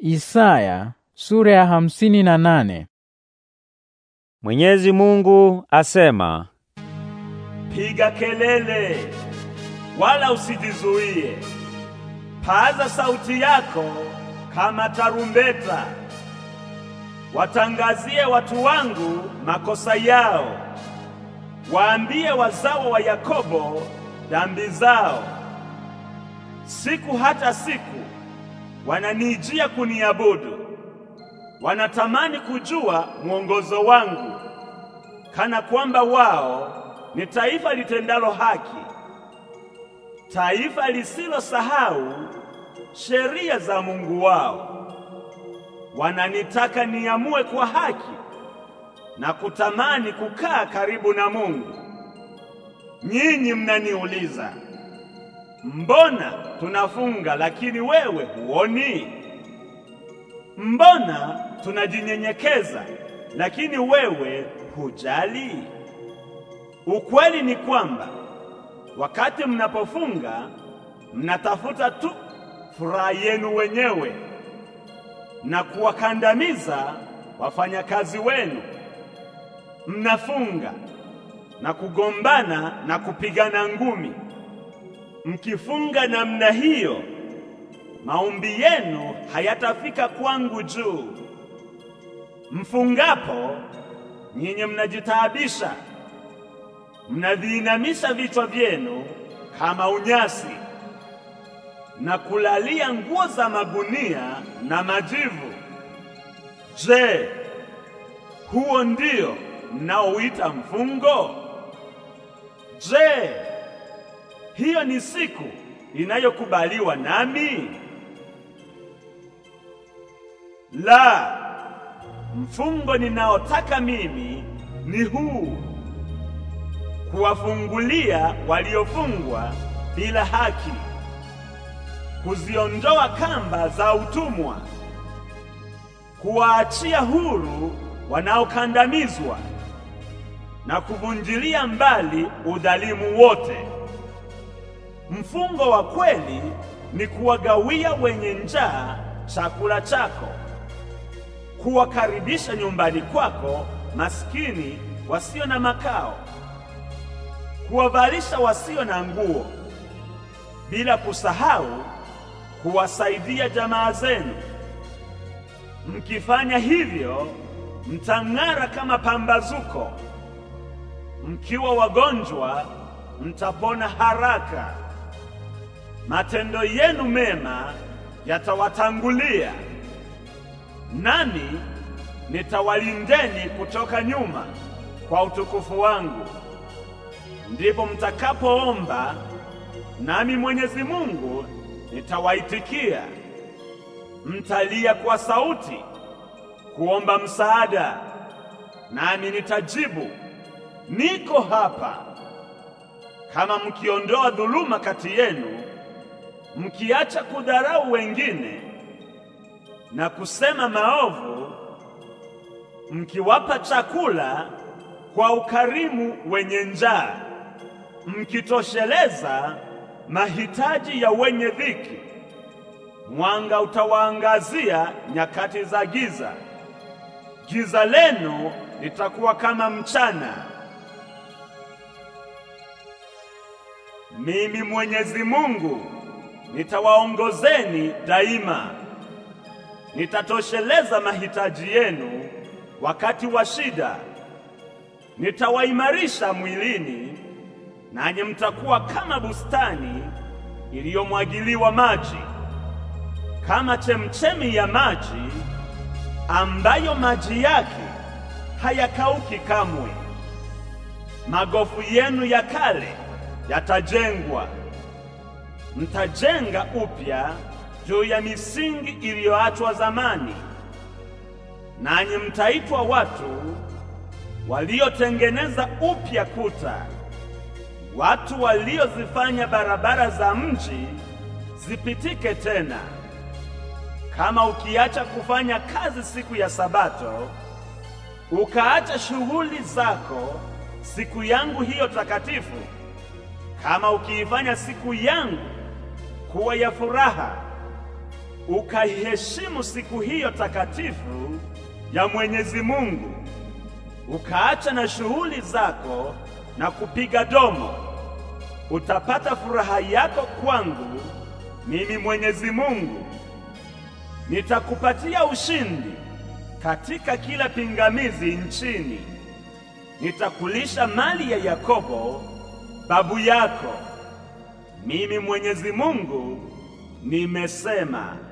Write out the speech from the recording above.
Isaya sura ya hamsini na nane. Mwenyezi Mungu asema, piga kelele wala usijizuie, paza sauti yako kama tarumbeta, watangazie watu wangu makosa yao, waambie wazao wa Yakobo dhambi zao. Siku hata siku wananijia kuniabudu, wanatamani kujua mwongozo wangu, kana kwamba wao ni taifa litendalo haki, taifa lisilosahau sheria za Mungu wao. Wananitaka niamue kwa haki na kutamani kukaa karibu na Mungu. Nyinyi mnaniuliza Mbona tunafunga lakini wewe huoni? Mbona tunajinyenyekeza lakini wewe hujali? Ukweli ni kwamba wakati mnapofunga mnatafuta tu furaha yenu wenyewe na kuwakandamiza wafanyakazi wenu. Mnafunga na kugombana na kupigana ngumi. Mkifunga namna hiyo, maombi yenu hayatafika kwangu juu. Mfungapo nyinyi mnajitaabisha, mnaviinamisha vichwa vyenu kama unyasi na kulalia nguo za magunia na majivu. Je, huo ndio mnaoita mfungo? Je, hiyo ni siku inayokubaliwa nami? La, mfungo ninaotaka mimi ni huu, kuwafungulia waliofungwa bila haki, kuziondoa kamba za utumwa, kuwaachia huru wanaokandamizwa na kuvunjilia mbali udhalimu wote. Mfungo wa kweli ni kuwagawia wenye njaa chakula chako, kuwakaribisha nyumbani kwako maskini wasio na makao, kuwavalisha wasio na nguo, bila kusahau kuwasaidia jamaa zenu. Mkifanya hivyo, mtang'ara kama pambazuko. Mkiwa wagonjwa, mtapona haraka matendo yenu mema yatawatangulia, nani nitawalindeni kutoka nyuma kwa utukufu wangu. Ndipo mtakapoomba, nami Mwenyezi Mungu nitawaitikia. Mtalia kwa sauti kuomba msaada, nami nitajibu, niko hapa. Kama mkiondoa dhuluma kati yenu mkiacha kudharau wengine na kusema maovu, mkiwapa chakula kwa ukarimu wenye njaa, mkitosheleza mahitaji ya wenye dhiki, mwanga utawaangazia nyakati za giza. Giza leno litakuwa kama mchana. Mimi Mwenyezi Mungu nitawaongozeni daima, nitatosheleza mahitaji yenu wakati wa shida, nitawaimarisha mwilini, nanyi mtakuwa kama bustani iliyomwagiliwa maji, kama chemchemi ya maji ambayo maji yake hayakauki kamwe. Magofu yenu ya kale yatajengwa mtajenga upya juu ya misingi iliyoachwa zamani, nanyi mtaitwa watu waliotengeneza upya kuta, watu waliozifanya barabara za mji zipitike tena. Kama ukiacha kufanya kazi siku ya Sabato, ukaacha shughuli zako siku yangu hiyo takatifu, kama ukiifanya siku yangu kuwa ya furaha, ukaiheshimu siku hiyo takatifu ya Mwenyezi Mungu, ukaacha na shughuli zako na kupiga domo, utapata furaha yako kwangu mimi Mwenyezi Mungu. Nitakupatia ushindi katika kila pingamizi nchini. Nitakulisha mali ya Yakobo babu yako. Mimi Mwenyezi Mungu nimesema.